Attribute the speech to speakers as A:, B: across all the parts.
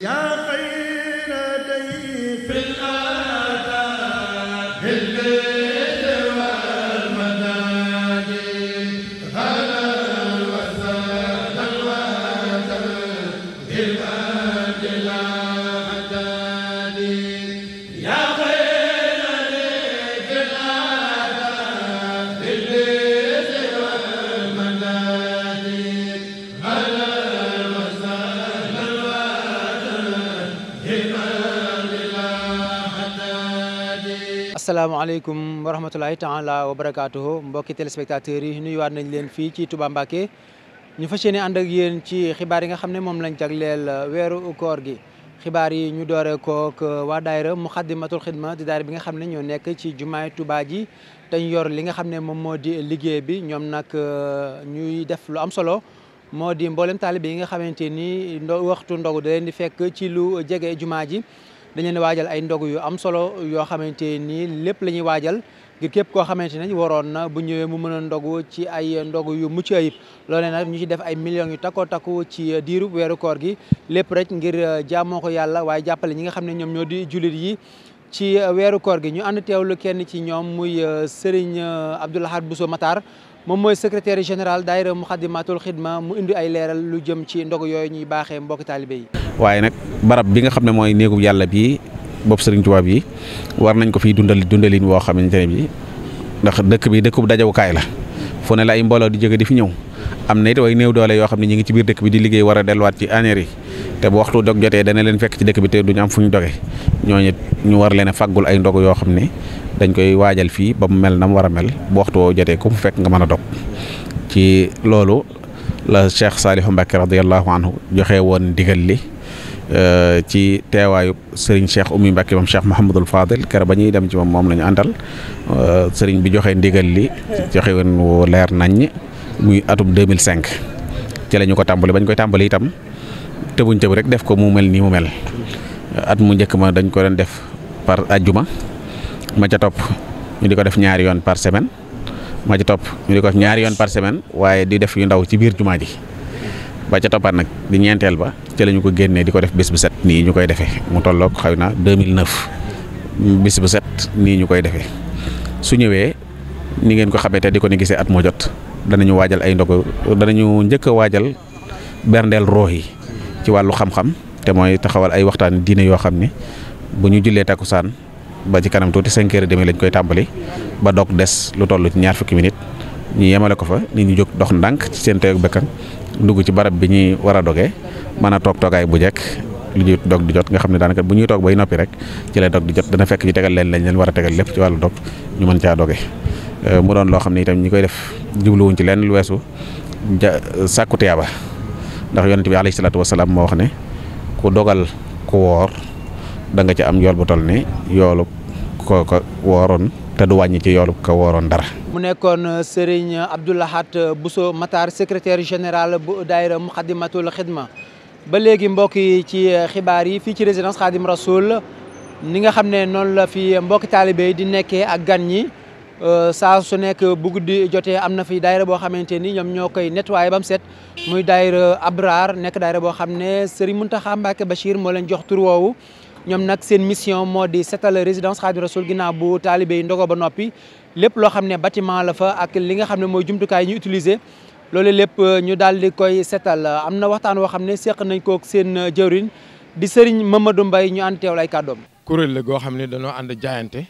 A: yaa
B: asalaamaaleykum wa rahmatulahi taala wa barakaatuhu mbokki téléspectateurs yi nuyuwaat nañ leen fii ci Touba Mbacké ñu fas yéene ànd ak yéen ci xibaar yi nga xam ne moom lañ jagleel weeru koor gi xibaar yi ñu doore kook waa mu daayira Muxaddamatul Xidma di daayira bi nga xam ne ñoo nekk ci jumaay Touba ji te ñu yor li nga xam ne moom moo di liggéey bi ñoom nag euh, ñuy def lu am solo moo di mboolem taalibe yi nga xamante ni waxtu ndogu da leen di fekk ci lu jege jumaa ji dañu leen waajal ay ndog yu am solo yoo xamante nii lépp la ñuy waajal ngir képp koo xamante ne waroon na bu ñëwee mu mën a ndogu ci ay ndogu yu mucc ayib loolee nag ñu ci def ay millions yu takkoo takku ci diiru weeru koor gi lépp rek ngir jaamoo ko yàlla waaye jàppale ñi nga xam ne ñoom ñoo di jullit yi ci weeru koor gi ñu ànd teewlu kenn ci ñoom muy euh, Serigne euh, Abdoul Ahad Bousso Matar moom mooy secretaire général daayira Muxaddamatul Xidma mu indi ay leeral lu jëm ci ndog yooyu ñuy baaxee mbokk taalibe yi.
C: waaye nag barab bi nga xam ne mooy néegu yàlla bi bopp Serigne Touba yi war nañ ko fiy dundal dundalin woo xamante ne bi ndax dëkk bi dëkkub dajawukaay la fu ne la ay mbooloo di jóge di fi ñëw. am na it way néew doole yoo xam ne ñi ngi ci biir dëkk bi di liggéey war delluwaat ci añeer yi te bu waxtu dog jotee dana leen fekk ci dëkk bi te duñu am fu ñu doge ñooñu ñu war leen a faggul ay ndog yoo xam ne dañ koy waajal fii ba mu mel na mu war a mel bu waxtu woo jotee ko mu fekk nga mën a dog ci loolu la Cheikh Saliou Mbacké radiyallahu anhu joxe woon ndigal li euh, ci teewaayu Serigne Cheikh Oumy Mbacké moom Cheikh Mouhamadul Fadil kër ba ñuy dem ci moom moom la ñu àndal euh, Serigne bi joxe ndigal li joxe woon leer naññ muy atum 2005 ci la ñu ko tàmbali bañ koy tàmbali itam tëbuñ tëb rek def ko mu mel nii mu mel at mu njëkk ma dañ ko doon def par ajjuma ma ca topp ñu di ko def ñaari yoon par semaine ma ca topp ñu di ko ñaari yoon par semaine waaye di def yu ndaw ci biir jumaa ji ba ca toppaat nag di ñeenteel ba ci la ñu ko génnee di ko def bis bu set nii ñu koy defee mu tolloog xaw na 2009 bis bu set nii ñu koy defee su ñëwee ni ngeen ko xamee te di ko ni gisee at moo jot danañu waajal ay ndogu ñu njëkk a waajal berndeel roox yi ci wàllu xam-xam te mooy taxawal ay waxtaan diine yoo xam ne bu ñu jullee takkusaan ba ci kanam tuuti cinq heures demi lañ koy tàmbali ba dog des lu toll ci ñaar fukki nit ñu yemale ko fa nit ñu jóg dox ndànk ci seen teew bekkan dugg ci barab bi ñuy war a dogee mën a toog toogaay bu jekk lu ñuy dog di jot nga xam ne daanaka bu ñuy toog bay noppi rek ci lay dog di ñu tegal leen lañ leen war a tegal lépp ci wàllu dog ñu mën caa Euh, mu doon loo xam ne itam ñi koy def jubluwuñ ci lenn lu weesu ja sàkku tiyaaba ndax yonent bi alayhi salaatu wasalaam moo wax ne ku dogal ku woor danga nga ci am yool bu toll ne yoolu ko ko wooroon te du wàññi ci yoolu ko wooroon dara.
B: mu nekkoon euh, Serigne Abdou Lahat Bousso Matar secrétaire général bu daayira Muxaddamatul Xidma ba léegi mbokk yi ci euh, xibaar yi fii ci résidence Xaadim Rasoul ni nga xam ne noonu la fi mbokki taalibe yi di nekkee ak gan ñi. Euh, saa su nekk bu guddi jotee am na fi daayira boo xamante ni ñoom ñoo koy nettoyé ba mu set muy daayira Abrar nekk daayira boo xam ne Serigne Mountakha Mbacké Bachir moo leen jox tur woowu ñoom nag seen mission moo di setal résidence Khadimou Rassoul ginnaaw bu taalibe yi ndogoo ba noppi lépp loo xam ne batiment la fa ak li nga xam ne mooy jumtukaay ñu utiliser loolu lépp euh, ñu daal di koy seetal am na waxtaan woo xam ne seq nañ kook seen euh, jëwriñ di Serigne Mamadou Mbaye ñu ànd teewlu kuréel la goo xam ne dañoo ànd jaayante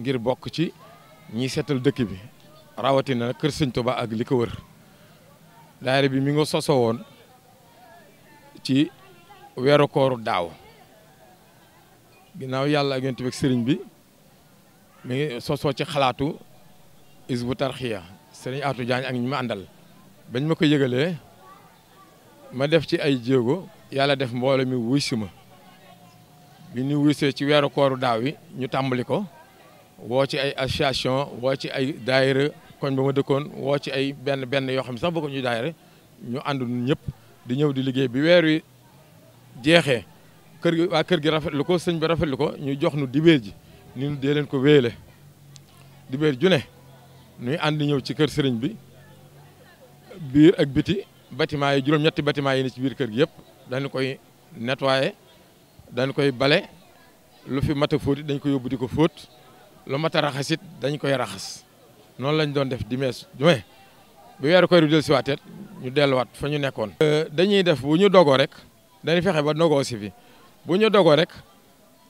D: ngir bokk ci. ñiy seetal dëkk bi rawatina nag kër sëñ Touba ak li ko wër daayira bi mi nga sosoo woon ci weerukooru kooru daaw ginnaaw yàlla ak yonent sëriñ bi mi ngi sosoo ci xalaatu Hizbut Tarqiyyah sëriñ atu Diagne ak ñi ma àndal bañ ma ko yëgalee ma def ci ay jéego yàlla def mbooloo mi wuy si ma bi ñu wuysee ci weeru kooru daaw yi ñu tàmbali ko woo ci ay association woo ci ay daayira koñ ba ma dëkkoon woo ci ay benn benn yoo xam ne sax bokku ñu daayira ñu ànd ñëpp di ñëw di liggéey bi weer jeexe kër gi waa kër gi rafetlu ko sëñ bi rafetlu ko ñu jox nu dibéer ji ni nu dee ko wéele dibéer ju ne ñuy ànd ñëw ci kër sëriñ bi biir ak biti bâtiment yi juróom-ñetti bâtiment yi ni ci biir kër gi yëpp dañu koy nettoyer dañu koy bale lu fi mat fóoti dañ ko yóbbu di ko fóot lu mat a raxas it dañ koy raxas noonu lañu doon def dimees jume bu weeru koy del si waateet ñu delluwaat fa ñu nekkoon euh, dañuy def bu ñu dogoo rek dañuy fexe ba dogoo si fi bu ñu dogoo rek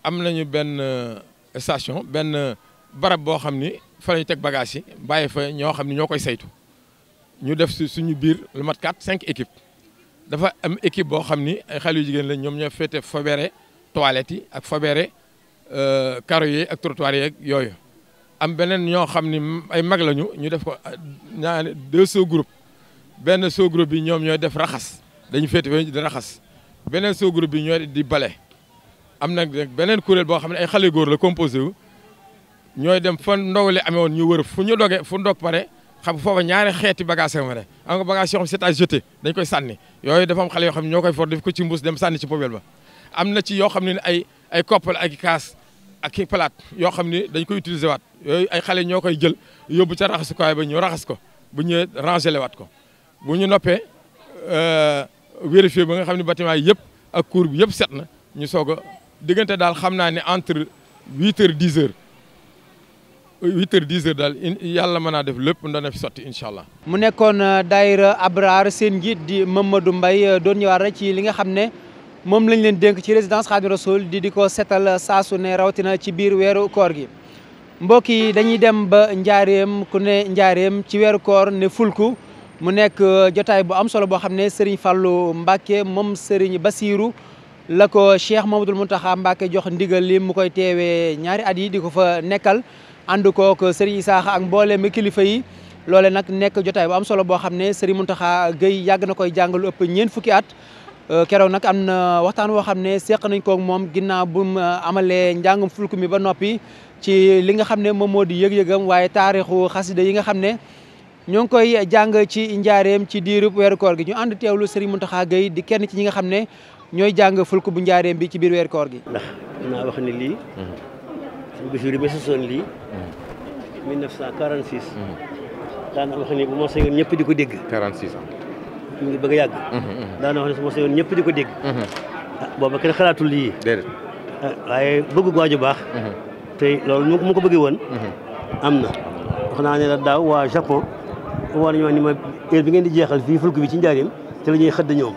D: am nañu benn euh, station benn euh, barab boo xam ni fa la teg bagage yi bàyyi fa ñoo xam ni ñoo koy saytu ñu def si suñu biir lu mat 4 5 équipes dafa am équipe boo xam ni ay xale yu jigéen lañ ñoom ñoo féete fobere toilette yi ak fobere karo euh, yi ak trottoir yeeg yooyu am beneen ñoo xam ni ay mag lañu ñu def ko ñaari deux sous benn sous bi ñoom ñooy def raxas dañu féete ba di raxas beneen sous-groupe bi ñooy di bale am nag beneen kuréel boo xam ne ay xale góor la composé wu ñooy dem fan ndogale amee woon ñu wër fu ñu doge fu ndog pare xam foofa ñaari xeeti bagage yoo xam ne am nga bagage yoo xam dañ koy sànni yooyu dafa xale yoo xam ne ñoo koy for def ko ci mbuus dem sànni ci poubelle ba am na ci yoo xam ne ay ay koppal ak kaas ak i palaat yoo xam ni dañ koy utiliser waat yooyu ay xale ñoo koy jël yóbbu ca raxasukaay ba ñu raxas ko bu ñu rangele waat ko bu ñu noppee euh, vérifier ba nga xam ne bâtiment yi yëpp ak cour bi yëpp set na ñu soog a diggante daal xam naa ne entre huit heures dix heures huit heures dix heures daal yàlla mën naa def lépp dana fi sotti incha allah.
B: mu nekkoon euh, daayira Abraar seen njiit di Mamadou Mbaye euh, doon ñëwaat rek ci li nga xam ne. moom lañ leen dénk ci résidence Xaadimu Rasuul di di ko seetal saa ne rawatina ci biir weeru koor gi mbokk yi dañuy dem ba njaareem ku ne njaareem ci weeru koor ne fulku mu nekk euh, jotaay bu am solo boo xam ne Serigne Fallou Mbacke moom Serigne Bassirou la ko Cheikh Mamadou Mountakha Mbacke jox ndigal li mu koy teewee ñaari at yi di ko fa nekkal ànd kook Serigne Isaaxa ak mboolem kilifa yi loole nag nekk jotaay bu am solo boo xam ne Serigne Mountakha Gueye yàgg na koy jàngalu ëpp ñeent fukki at Euh, keroog nag am na waxtaan woo xam ne seq nañ koog moom ginnaaw bu mu euh, amalee njàngum fulku mi ba noppi ci li nga xam ne moom moo di yëg-yëgam waaye taarixu xasida yi nga xam ne ñoo ngi koy jàng ci njaareem ci diirub weeru koor gi ñu ànd teewlu Serigne Mountakha Gueye di kenn ci ñi nga xam ne ñooy jàng fulku bu njaareem bi ci biir weeru gi. ndax
E: naa wax ne lii. suñu lii. Mm. mi ngi bëgg a yàgg mhm, mhm. daana wax ne su ma sañoon ñëpp di ko dégg mhm. ah booba kenn xalaatul lii déedéet ah, waaye bëgg gu waaju baax tey loolu mu ko bëggee woon am na wax naa ne la daaw waa Japon war nañoo ni ma heure bi ngeen di jeexal fii fulk bi ci njaarim te la ñuy xëdd ñoom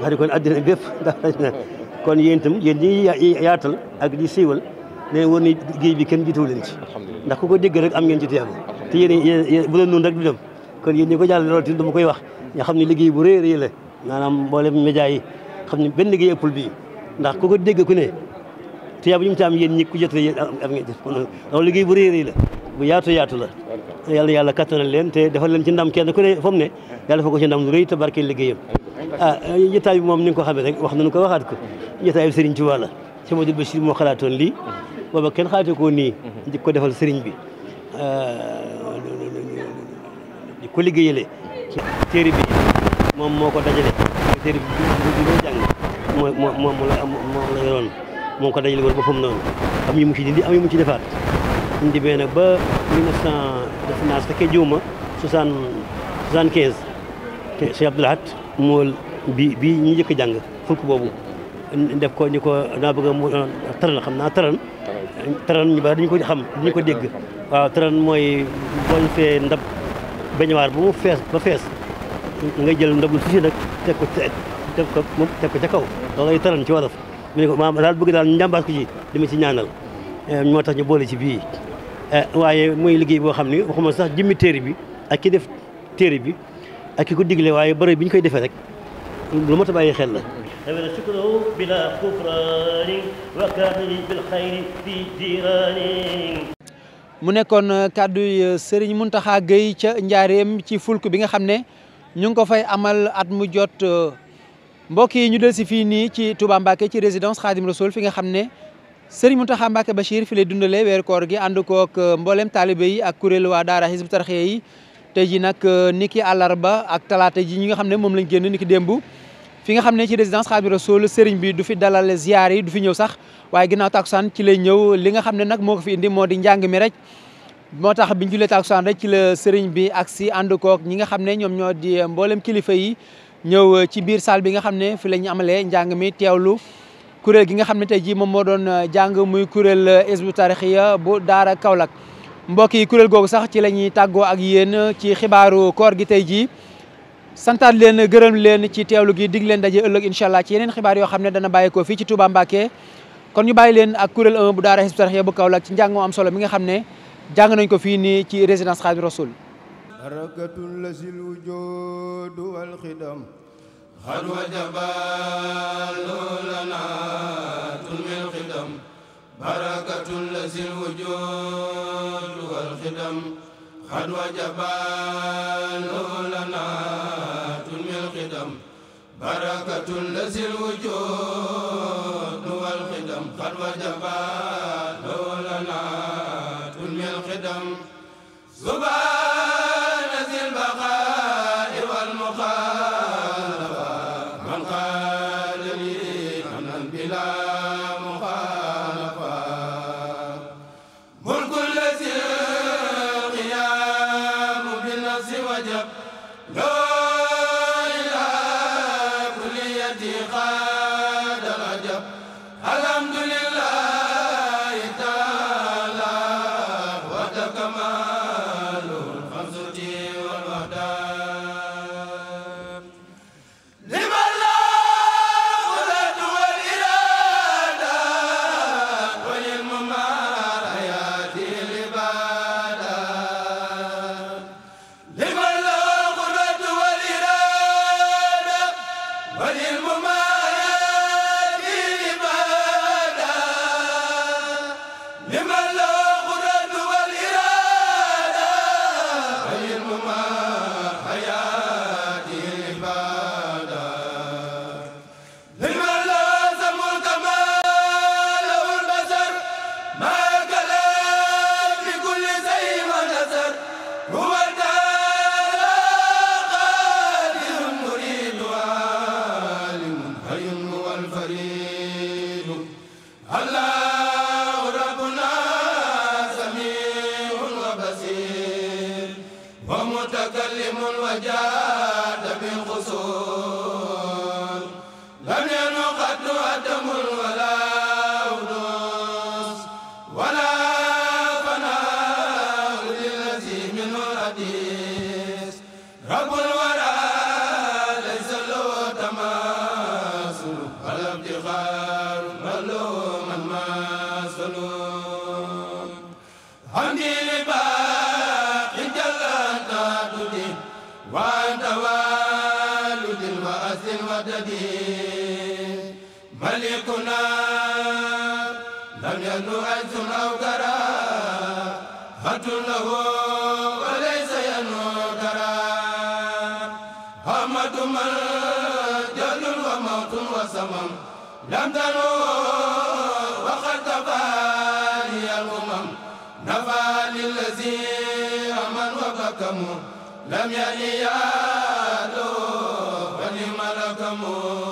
E: nga di kon addina bépp ndax kon yéen itam yéen ñi yaatal ak di siiwal ne war ni géej bi kenn jiituwu leen ci ndax ku ko dégg rek am ngeen ci tiyaaba te yéen bu leen rek du dem kon yéen ko jàll loolu tamit dama koy wax nga xam ne liggéey bu rëy rëy la maanaam mboolem média yi xam ne benn liggéey ëppul bii ndax ku ko dégg ku ne tuyaa bu ñu mu ci am ñi ku jot yéen am ngeen jëf loolu liggéey bu rëy rëy la bu yaatu yaatu la yàlla yàlla kattanal leen te defal leen ci ndam kenn ku ne fa mu ne yàlla fa ko ci ndam lu rëy te barkeel liggéeyam ah moom ni nga ko xamee rek wax nañu ko waxaat ko jotaay bi Serigne Touba la Cheikh Modou Bachir moo xalaatoon lii booba kenn xalaatee ko nii di ko defal seriñ bi ah, di ko liggéeyalee téere bi moom moo ko dajale téere bi bi ngay moo moo moom la ko dajale woon boppam noonu am yu mu ci dindi am yu mu ci defaat ñu nag ba mille neuf cent def naa su fekkee jiw ma soixante quinze te Cheikh mool bi ñu njëkk a jàng fulk boobu def ko ñu ko daa bëgg mu taran xam naa taran taran ñu bari dañu ko xam dañu ko dégg waaw taran mooy booñ fee ndab bañuwaar bu mu fees ba fees nga jël ndabul susi nag teg ko teg ko moom teg ko ca kaw loolay taran ci wolof mu ne ko maam daal bëgg daal njàmbaas ko ci li ma ci ñaanal eh, moo tax ñu boole ci bii eh, waaye muy liggéey boo xam ne waxuma sax jëmmi téere bi ak ki def téere bi ak ki ko digle waaye bërëb bi ñu koy defee rek lu mat a bàyyi xel la من شكره بلا كفران وكامل بالخير في
B: mu nekkoon euh, kàddu euh, Serigne Mountakha Gueye ca njaareem ci fulk bi nga xam ne ñu ngi ko fay amal at mu jot euh, mbokk yi ñu del si fii nii ci Touba Mbacké ci résidence Khadim Rassoul fi nga xam ne Serigne Mountakha Mbacké ba fi lay dundale weer koor gi ànd kook mboolem taalibe yi ak kuréelu waa daara Hizbut Tarqiyyah yi tey ji nag niki àllarba ak talaata ji ñi nga xam ne moom lañ génn niki démb fi nga xam ne ci résidence Xaadimu Rasuul sëriñ bi du fi dalal ziar yi du fi ñëw sax waaye ginnaaw takusaan ci lay ñëw li nga xam ne nag moo ko fi indi moo di njàng mi rek moo tax biñ julee takusaan rek ci la sëriñ bi ak si ànd koog ñi nga xam ne ñoom ñoo di mboolem kilifa yi ñëw ci biir salle bi nga xam ne fi la ñu amalee njàng mi teewlu kuréel gi nga xam ne tey jii moom moo doon jàng muy kuréel Hizbut Tarqiyyah bu Daara Kaolack mbokk yi kuréel googu sax ci la ñuy tàggoo ak yéen ci xibaaru koor gi tey jii santaat leen gërëm leen ci teewlu gi dig leen daje ëllëg incha allah ci yeneen xibaar yoo xam ne dana bàyyeekoo fii ci Touba Mbacké kon ñu bàyyi leen ak kuréel 1 bu daara Hizbut Tarqiyyah bu Kaolack ci njàng moo am solo mi nga xam ne jàng nañ ko fii nii ci résidence Khadim Rasoul
F: harakatun lasil wujud wal khidam har wa jabal lana بركة الذي الوجود والقدم قد وجبا متكلم وجاد من خصوم لم ينو قد أدم ولا أنوس ولا فناء للذي منه الحديث رب الورى ليس له تماثل ولا ابتخار بل له من ماثل حمدي لباب لم يلي يا لو ولي ملكمو